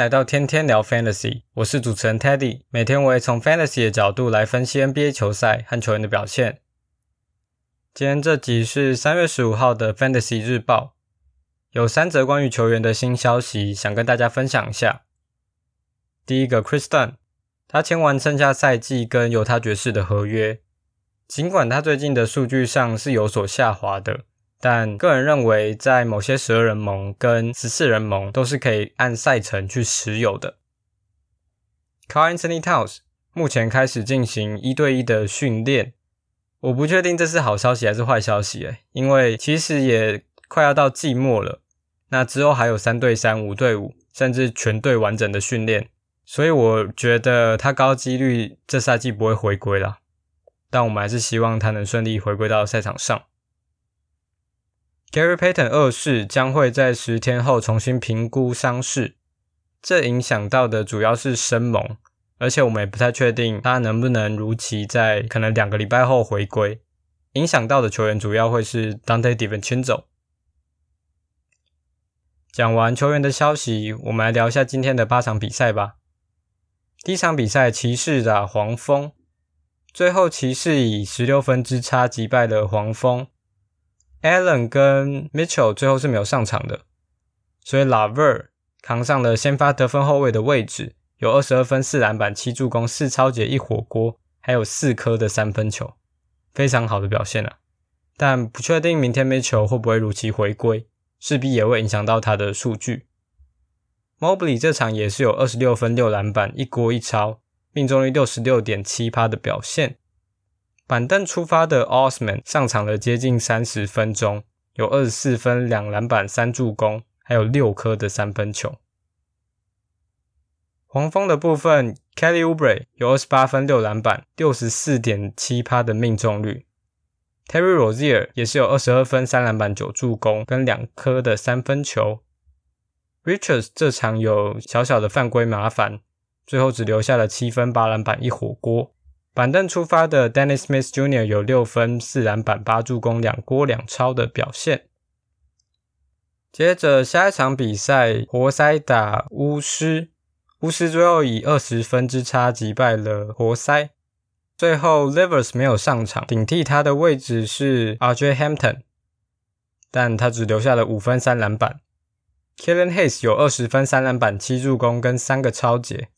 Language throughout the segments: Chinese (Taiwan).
來到天天聊 Fantasy，我是主持人 Teddy。每天我會從 Fantasy 的角度來分析 NBA 球賽和球員的表現。今天這集是三月十五號的 Fantasy 日報，有三則關於球員的新消息，想跟大家分享一下。第一個，Kris Dunn，他簽完剩下賽季跟猶他爵士的合約，儘管他最近的數據上是有所下滑的。但個人認為，在某些12人盟跟十四人盟都是可以按賽程去持有的。Karl-Anthony Towns 目前開始進行一對一的訓練，我不確定這是好消息還是壞消息誒、欸，因為其實也快要到季末了，那之後還有三對三、五對五，甚至全隊完整的訓練，所以我覺得他高幾率這賽季不會回歸了。但我們還是希望他能順利回歸到賽場上。Gary Payton 二世將會在十天後重新評估傷勢，這影響到的主要是生猛，而且我們也不太確定他能不能如期在可能兩個禮拜後回歸。影響到的球員主要會是 Donte DiVincenzo。講完球員的消息，我們來聊一下今天的八場比賽吧。第一場比賽，騎士打黃蜂，最後騎士以十六分之差擊敗了黃蜂。Allen 跟 Mitchell 最後是沒有上場的，所以 Laver 扛上了先發得分後衛的位置，有二十二分、四籃板、七助攻、四抄截、一火鍋，還有四顆的三分球，非常好的表現啊。但不確定明天 Mitchell 會不會如期回歸，勢必也會影響到他的數據。Mobley 這場也是有二十六分、六籃板、一鍋一抄，命中率六十六點七趴的表現。板凳出發的 Osman 上場了接近三十分鐘，有二十四分、兩籃板、三助攻，還有六顆的三分球。黃蜂的部分，Kelly Oubre 有二十八分、六籃板、六十四點七趴的命中率。Terry Rozier 也是有二十二分、三籃板、九助攻，跟兩顆的三分球。Richards 這場有小小的犯規麻煩，最後只留下了七分、八籃板、一火鍋。板凳出發的 Dennis Smith Jr. 有六分、四籃板、八助攻、兩鍋、兩抄的表現。接着下一場比賽，活塞打巫師，巫師最後以二十分之差擊敗了活塞。最後 Livers 沒有上場，頂替他的位置是 RJ Hampton，但他只留下了五分、三籃板。Killian Hayes 有二十分、三籃板、七助攻跟三個抄截。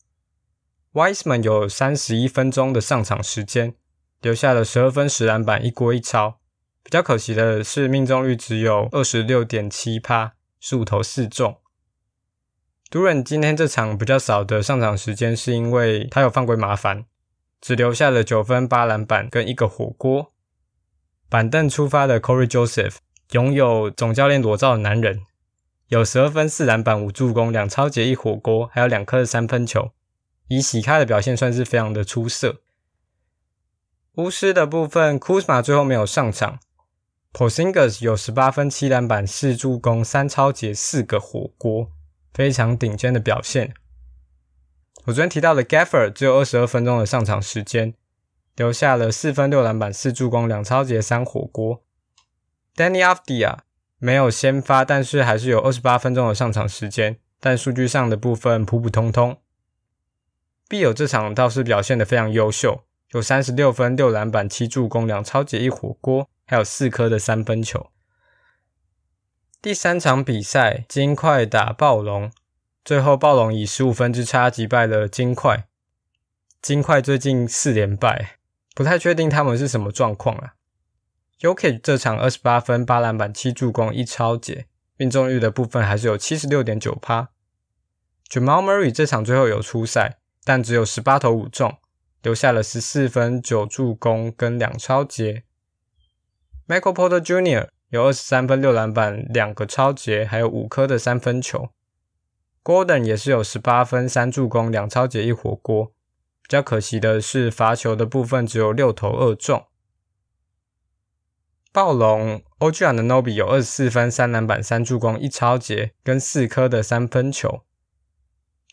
Wiseman 有三十一分鐘的上場時間，留下了十二分、十籃板、一鍋、一抄。比較可惜的是命中率只有二十六點七趴，十五投四中。Duren 今天這場比較少的上場時間，是因為他有犯規麻煩，只留下了九分、八籃板跟一個火鍋。板凳出發的 Corey Joseph，擁有總教練裸照的男人，有十二分、四籃板、五助攻、兩抄截、一火鍋，還有兩顆三分球。以喜咖的表現算是非常的出色。巫師的部分，Kuzma 最後沒有上場，Porzingis 有十八分，七籃板，四助攻，三抄截，四個火鍋，非常頂尖的表現。我昨天提到的 Gafford 只有二十二分鐘的上場時間，留下了四分，六籃板，四助攻，兩抄截，三火鍋。Deni Avdija 沒有先發，但是還是有二十八分鐘的上場時間，但數據上的部分普普通通。必有這場倒是表現得非常優秀，有三十六分、六籃板、七助攻、兩抄截、一火鍋，還有四顆的三分球。第三場比賽，金塊打暴龍，最後暴龍以十五分之差擊敗了金塊。金塊最近四連敗，不太確定他們是什麼狀況了。Jokic 這場二十八分、八籃板、七助攻、一抄截，命中率的部分還是有七十六點九趴。Jamal Murray 這場最後有出賽。但只有十八投五中，留下了十四分、九助攻跟兩抄截。Michael Porter Jr. 有二十三分、六籃板、兩個抄截，還有五顆的三分球。Gordon 也是有十八分、三助攻、兩抄截、一火鍋。比較可惜的是罰球的部分只有六投二中。暴龍 OG Anunoby 有二十四分、三籃板、三助攻、一抄截跟四顆的三分球。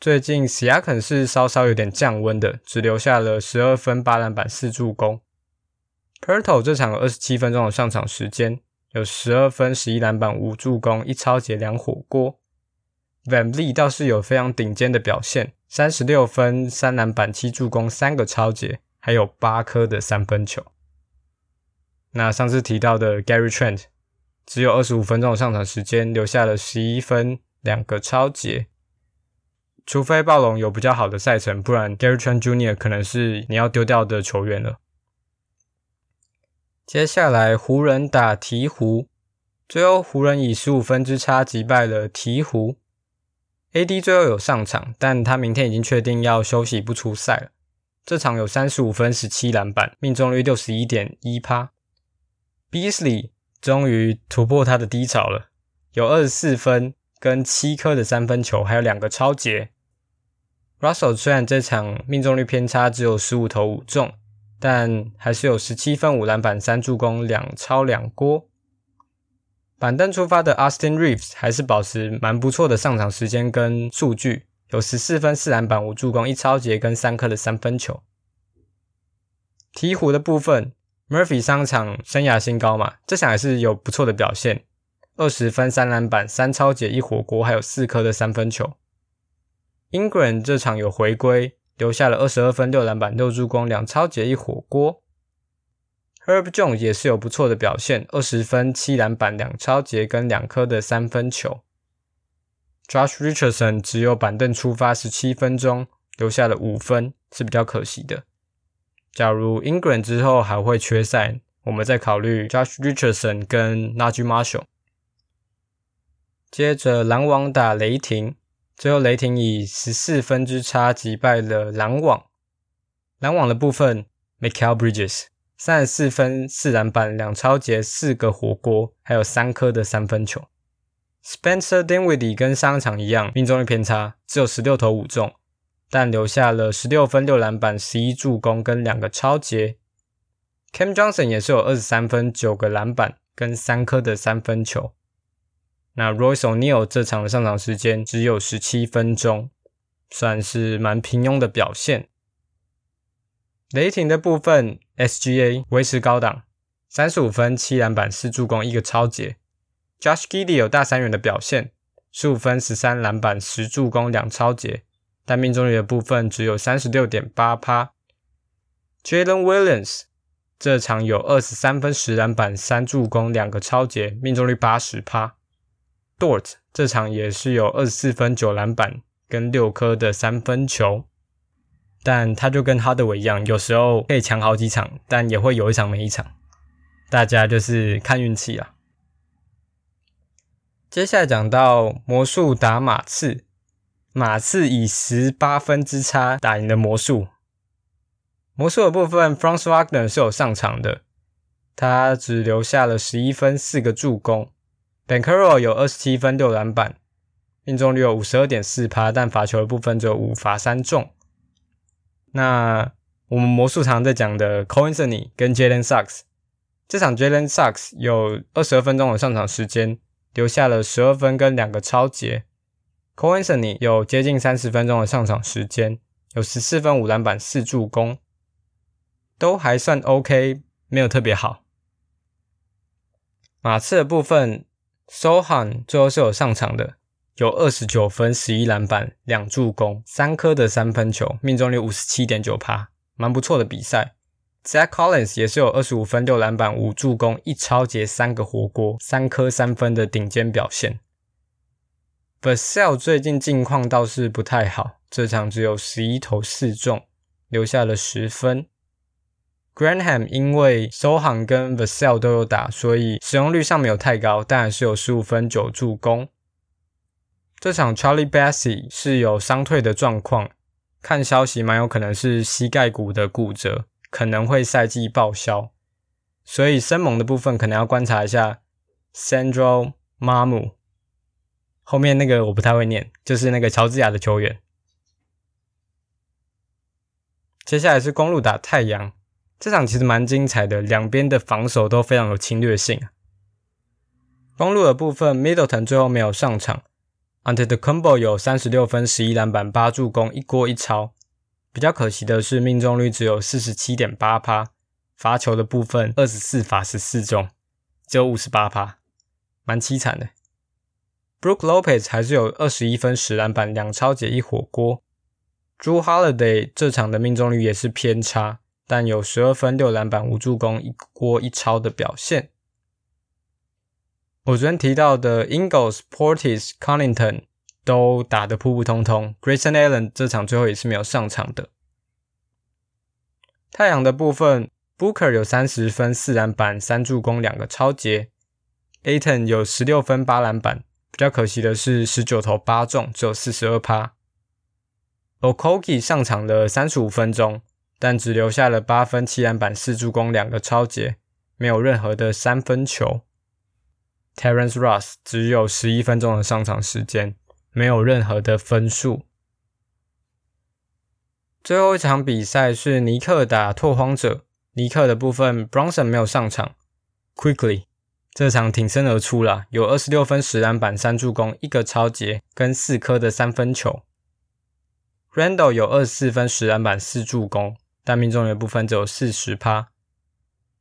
最近，希亞肯是稍稍有點降溫的，只留下了十二分、八籃板、四助攻。Poeltl 這場有二十七分鐘的上場時間，有十二分、十一籃板、五助攻、一抄截、兩火鍋。VanVleet 倒是有非常頂尖的表現，三十六分、三籃板、七助攻、三個抄截，還有八顆的三分球。那上次提到的 Gary Trent，只有二十五分鐘的上場時間，留下了十一分、兩個抄截。除非暴龍有比較好的賽程，不然 Derrick Jones Jr. 可能是你要丟掉的球員了。接下來湖人打鵜鶘，最後湖人以十五分之差擊敗了鵜鶘。AD 最後有上場，但他明天已經確定要休息不出賽了。這場有三十五分、十七籃板，命中率六十一點一趴。Beasley 終於突破他的低潮了，有二十四分跟七顆的三分球，還有兩個抄截。Russell 雖然這場命中率偏差只有十五投五中，但還是有十七分、五籃板、三助攻、兩抄兩鍋。板凳出發的 Austin Reeves 還是保持蠻不錯的上場時間跟數據，有十四分、四籃板、五助攻、一抄截跟三顆的三分球。鵜鶘的部分，Murphy 上場生涯新高嘛，這場也是有不錯的表現，二十分、三籃板、三抄截、一火鍋還有四顆的三分球。Ingram 這場有回歸，留下了二十二分、六籃板、六助攻、兩抄截一火鍋。Herb Jones 也是有不錯的表現，二十分7、七籃板、兩抄截跟兩顆的三分球。Josh Richardson 只有板凳出發十七分鐘，留下了五分，是比較可惜的。假如 Ingram 之後還會缺賽，我們再考慮 Josh Richardson 跟 Naji Marshall。接着，籃網打雷霆。最後，雷霆以十四分之差擊敗了籃網。籃網的部分，Michael Bridges 三十四分、四籃板、兩抄截、四個火鍋，還有三顆的三分球。Spencer Dinwiddie 跟上一場一樣命中率偏差，只有十六投五中，但留下了十六分、六籃板、十一助攻跟兩個抄截。Cam Johnson 也是有二十三分、九個籃板跟三顆的三分球。那 Royce O'Neal 這場的上場時間只有十七分鐘，算是蠻平庸的表現。雷霆的部分，SGA 維持高檔，三十五分七籃板四助攻一個抄截。Josh Giddey 有大三元的表現，十五分十三籃板十助攻兩抄截，但命中率的部分只有三十六點八趴。Jalen Williams 這場有二十三分十籃板三助攻兩個抄截，命中率八十趴。多 Dort 這場也是有二十四分九籃板跟六顆的三分球，但他就跟哈德韋一樣，有時候可以強好幾場，但也會有一場沒一場，大家就是看運氣啊。接下來講到魔術打馬刺，馬刺以十八分之差打贏了魔術。魔術的部分，Franz Wagner 是有上場的，他只留下了十一分四個助攻。Banchero 有二十七分六籃板，命中率有五十二點四趴，但罰球的部分只有五罰三中。那我們魔術常在講的 Cole Anthony 跟 Jalen Suggs，這場 Jalen Suggs 有二十二分鐘的上場時間，留下了十二分跟兩個抄截。Cole Anthony 有接近三十分鐘的上場時間，有十四分五籃板四助攻，都還算 OK，沒有特別好。馬刺的部分。Sohan 最後是有上場的，有二十九分、十一籃板、兩助攻、三顆的三分球，命中率五十七點九趴，蠻不錯的比賽。Zach Collins 也是有二十五分、六籃板、五助攻、一抄截、三個火鍋、三顆三分的頂尖表現。Vassell 最近近況倒是不太好，這場只有十一投四中，留下了十分。Granham 因為收航、跟 Vassell 都有打，所以使用率上沒有太高，但還是有十五分九助攻。這場 Charlie Bassey 是有傷退的狀況，看消息蠻有可能是膝蓋骨的骨折，可能會賽季報銷。所以生猛的部分可能要觀察一下 Sandro Mamu，後面那個我不太會念，就是那個喬治亞的球員。接下來是公路打太陽。這場其實蠻精彩的，兩邊的防守都非常有侵略性。公鹿的部分，Middleton 最後沒有上場，Antetokounmpo 有三十六分、十一籃板、八助攻、一鍋一抄。比較可惜的是，命中率只有四十七點八趴。罰球的部分，二十四罰十四中，只有五十八趴，蠻淒慘的。Brook Lopez 還是有二十一分、十籃板、兩抄截一火鍋。Jrue Holiday 這場的命中率也是偏差。但有十二分、六籃板、無助攻、一鍋一抄的表現。我昨天提到的 Ingles、Portis、Connaughton 都打得普普通通。Grayson Allen 這場最後也是沒有上場的。太陽的部分，Booker 有三十分、四籃板、三助攻、兩個抄截。Ayton 有十六分、八籃板。比較可惜的是，十九投八中，只有四十二趴。Okogie 上場了三十五分鐘。但只留下了八分、七籃板、四助攻、兩個抄截，沒有任何的三分球。Terence Ross 只有十一分鐘的上場時間，沒有任何的分數。最後一場比賽是尼克打拓荒者，尼克的部分 Brunson 沒有上場，Quickly 這場挺身而出了，有二十六分、十籃板、三助攻、一個抄截跟四顆的三分球。Randall 有二十四分、十籃板、四助攻。但命中率部分只有四十趴。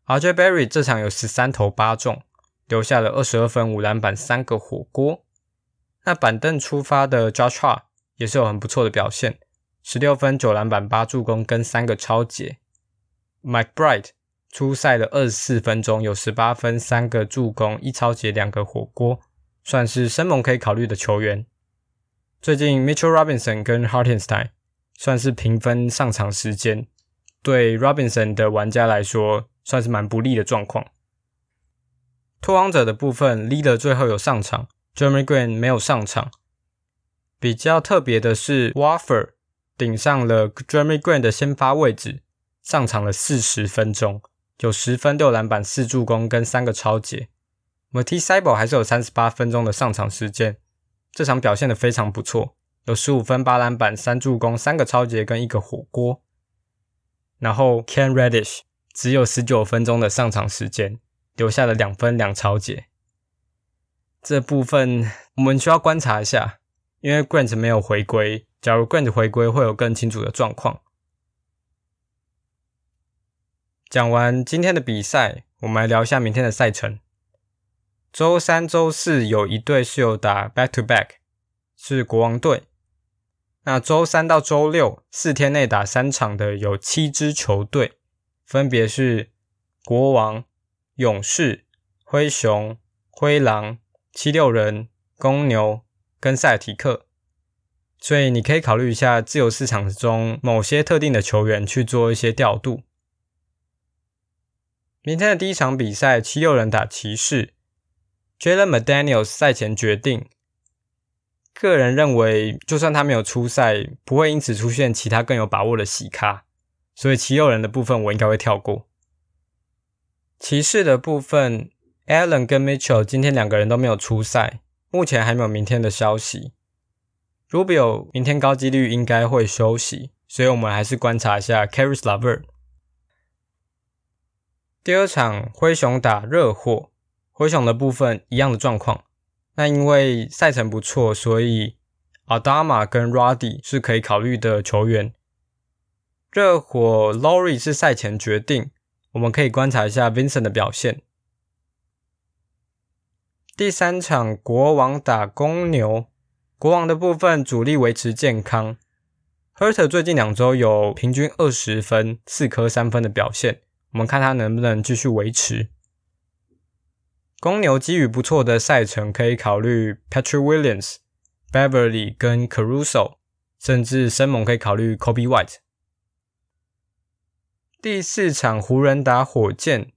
RJ Barrett 這場有十三投八中，留下了二十二分、五籃板、三個火鍋。那板凳出發的 Josh Hart 也是有很不錯的表現，十六分、九籃板、八助攻跟三個抄截。McBride 出賽了二十四分鐘，有十八分、三個助攻、一抄截、兩個火鍋，算是生猛可以考慮的球員。最近 Mitchell Robinson 跟 Hartenstein 算是平分上場時間。對 Robinson 的玩家來說，算是蠻不利的狀況。拓荒者的部分，Leader 最後有上場，Jerami Grant 沒有上場。比較特別的是 Watford 頂上了 Jerami Grant 的先發位置，上場了四十分鐘，有十分六籃板四助攻跟三個抄截。Matisse Thybulle 還是有三十八分鐘的上場時間，這場表現得非常不錯，有十五分八籃板三助攻三個抄截跟一個火鍋。然後，Cam Reddish 只有十九分鐘的上場時間，留下了兩分兩抄截。這部分我們需要觀察一下，因為 Grant 沒有回歸。假如 Grant 回歸，會有更清楚的狀況。講完今天的比賽，我們來聊一下明天的賽程。周三、周四有一隊是有打 Back to Back，是國王隊。那周三到周六四天內打三場的有七支球隊，分別是國王、勇士、灰熊、灰狼、七六人、公牛跟賽提克。所以你可以考慮一下自由市場中某些特定的球員去做一些調度。明天的第一場比賽，七六人打騎士，Jalen McDaniels 賽前決定。個人認為，就算他沒有出賽，不會因此出現其他更有把握的洗咖，所以奇右人的部分我應該會跳過。騎士的部分，Allen 跟 Mitchell 今天兩個人都沒有出賽，目前還沒有明天的消息。Rubio 明天高幾率應該會休息，所以我們還是觀察一下 Caris LeVert。第二場，灰熊打熱火，灰熊的部分一樣的狀況。那因為賽程不錯，所以阿達瑪跟 Roddy 是可以考慮的球員。熱火 Lowry 是賽前決定，我們可以觀察一下 Vincent 的表現。第三場國王打公牛，國王的部分主力維持健康，Huerter 最近兩周有平均二十分四顆三分的表現，我們看他能不能繼續維持。公牛基於不錯的賽程，可以考慮 Patrick Williams、Beverly 跟 Caruso，甚至申盟，可以考慮 Kobe White。第四場湖人打火箭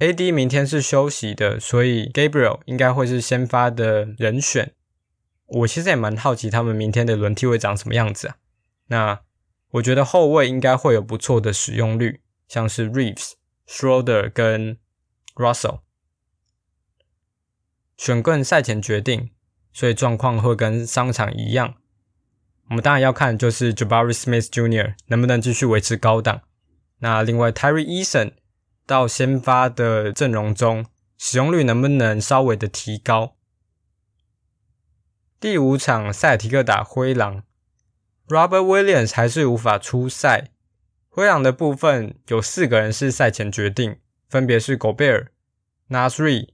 ，AD 明天是休息的，所以 Gabriel 應該會是先發的人選。我其實也蠻好奇他們明天的輪替會長什麼樣子啊？那我覺得後衛應該會有不錯的使用率，像是 r e e v e s s h o e d e r 跟 Russell。選棍賽前決定，所以狀況會跟上場一樣。我們當然要看就是 Jabari Smith Jr. 能不能繼續維持高檔。那另外 Tari Eason 到先發的陣容中，使用率能不能稍微的提高？第五場賽提克打灰狼，Robert Williams 還是無法出賽。灰狼的部分有四個人是賽前決定，分別是 Gobert、Naz Reid。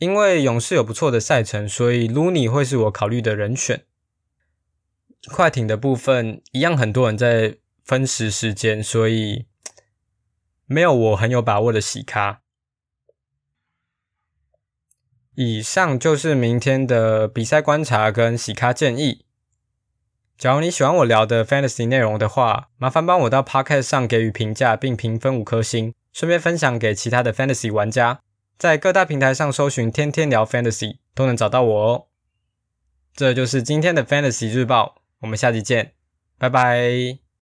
因為勇士有不錯的賽程，所以盧尼會是我考慮的人選。快艇的部分一樣，很多人在分時時間，所以沒有我很有把握的洗咖。以上就是明天的比賽觀察跟洗咖建議。假如你喜歡我聊的 fantasy 內容的話，麻煩幫我到 podcast 上給予評價並評分五顆星，順便分享給其他的 fantasy 玩家。在各大平台上搜尋“天天聊 Fantasy” 都能找到我哦。這就是今天的 Fantasy 日報，我們下期見，拜拜。